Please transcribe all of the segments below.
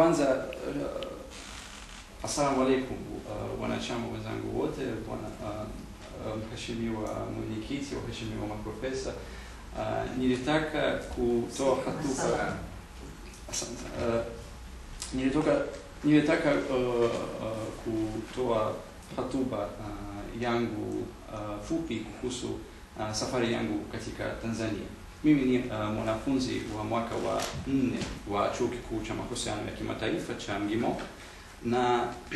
Kwanza uh, eh, asalamu alaikum uh, wanachama wenzangu wote, bwana uh, mheshimiwa mwenyekiti, waheshimiwa maprofesa uh, nilitaka kutoa hotuba asante uh, nilitoka nilitaka uh, uh, kutoa hatuba uh, yangu uh, fupi kuhusu uh, safari yangu katika Tanzania. Mimi ni uh, mwanafunzi wa mwaka wa nne wa chuo kikuu cha mahusiano ya kimataifa cha Mgimo na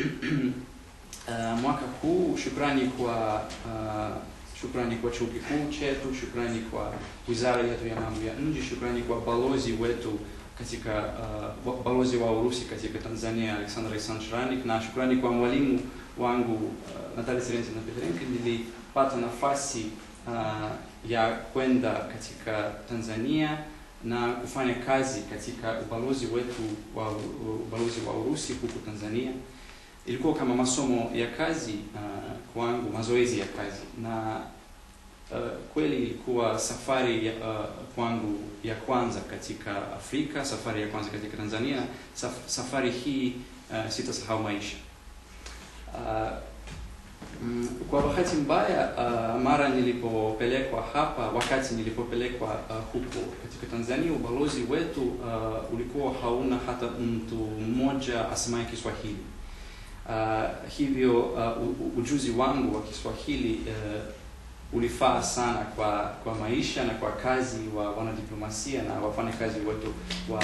uh, mwaka huu, shukrani kwa uh, shukrani kwa chuo kikuu chetu, shukrani kwa wizara yetu ya mambo ya nje, shukrani kwa balozi wetu katika uh, balozi wa Urusi katika Tanzania Alexander Alexandrovich na shukrani kwa mwalimu wangu uh, Natalia na Petrenko, nilipata nafasi uh, ya kwenda katika Tanzania na kufanya kazi katika ubalozi wetu wa ubalozi wa Urusi huku Tanzania. Ilikuwa kama masomo ya kazi uh, kwangu, mazoezi ya kazi na uh, kweli ilikuwa safari ya, uh, kwangu ya kwanza katika Afrika, safari ya kwanza katika Tanzania. Saf, safari hii uh, sitasahau maisha uh, Mm, kwa bahati mbaya uh, mara nilipopelekwa hapa, wakati nilipopelekwa uh, huko katika Tanzania, ubalozi wetu uh, ulikuwa hauna hata mtu mmoja asemaye Kiswahili. Uh, hivyo uh, ujuzi wangu wa Kiswahili uh, ulifaa sana kwa kwa maisha na kwa kazi wa wanadiplomasia na wafanyakazi wetu wa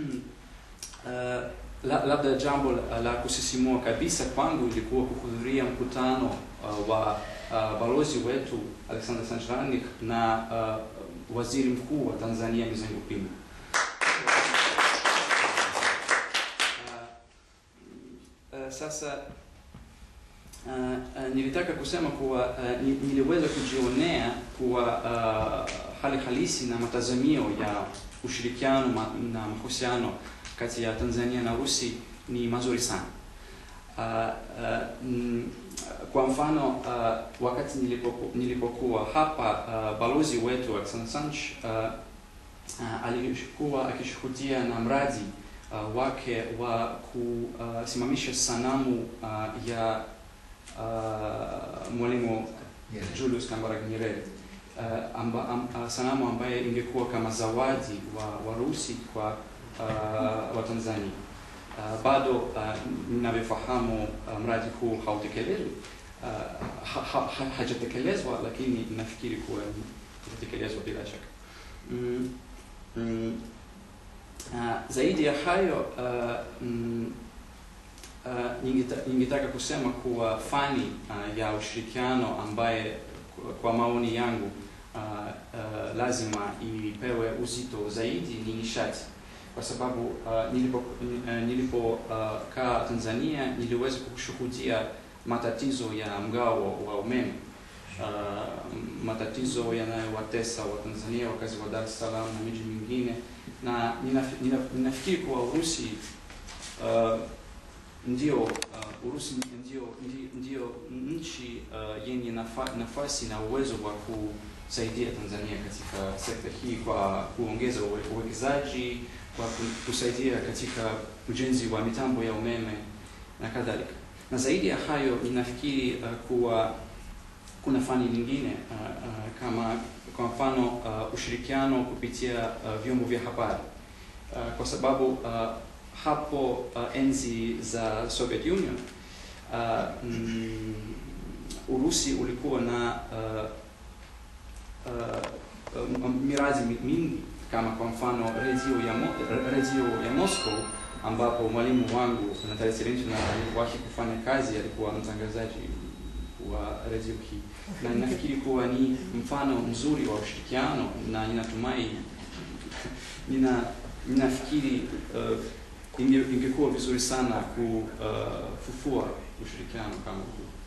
Eh, labda jambo la kusisimua kabisa kwangu ilikuwa kuhudhuria mkutano uh, wa uh, balozi wetu Alexander Sancharanik na uh, waziri mkuu wa Tanzania Mizengo Pinda. sasa Eh, eh, nilitaka kusema kuwa uh, niliweza kujionea kuwa uh, hali halisi na matazamio ya ushirikiano ma, na mahusiano kati ya Tanzania na Urusi ni mazuri sana. Uh, uh, kwa mfano uh, wakati nilipoku, nilipokuwa hapa uh, balozi wetu Alexander Sanch uh, uh, alikuwa akishuhudia na mradi uh, wake wa kusimamisha sanamu uh, ya Uh, mwalimu yeah. Julius Kambarage Nyerere uh, amba, uh, sanamu ambaye ingekuwa kama zawadi wa Warusi kwa uh, Tanzania. Uh, bado uh, ninavyofahamu uh, mradi huu hautekelezwi uh, ha, ha, ha, hajatekelezwa, lakini nafikiri kuwa itatekelezwa bila shaka mm, mm, uh, zaidi ya hayo uh, mm, Eh, ningitaka ningetaka kusema kuwa fani uh, ya ushirikiano ambaye kwa maoni yangu uh, uh, lazima ipewe uzito zaidi ni nishati, kwa sababu uh, nilipokaa nilipo, uh, Tanzania niliweza kushuhudia matatizo ya mgao wa umeme uh, matatizo yanayowatesa wa tanzania wakazi wa Dar es Salaam na miji mingine, na ninafikiri kuwa Urusi uh, ndio uh, Urusi ndio ndio nchi uh, yenye nafa, nafasi na uwezo wa kusaidia Tanzania katika sekta hii kwa kuongeza uwekezaji, kwa kusaidia katika ujenzi wa mitambo ya umeme na kadhalika. Na zaidi ya hayo, ninafikiri uh, kuwa kuna fani nyingine uh, uh, kama kwa mfano uh, ushirikiano kupitia uh, vyombo vya habari uh, kwa sababu uh, hapo uh, enzi za Soviet Union uh, mm, Urusi ulikuwa na uh, uh, um, mirazi mingi kama kwa mfano redio ya, Mo, redio ya Moscow ambapo mwalimu wangu Natalia Serenchina aliwahi kufanya kazi, alikuwa mtangazaji wa redio hii, na nafikiri kuwa ni mfano mzuri wa ushirikiano, na ninatumai nina, ninafikiri uh, ingekuwa vizuri sana uh, kufufua ushirikiano kama huu.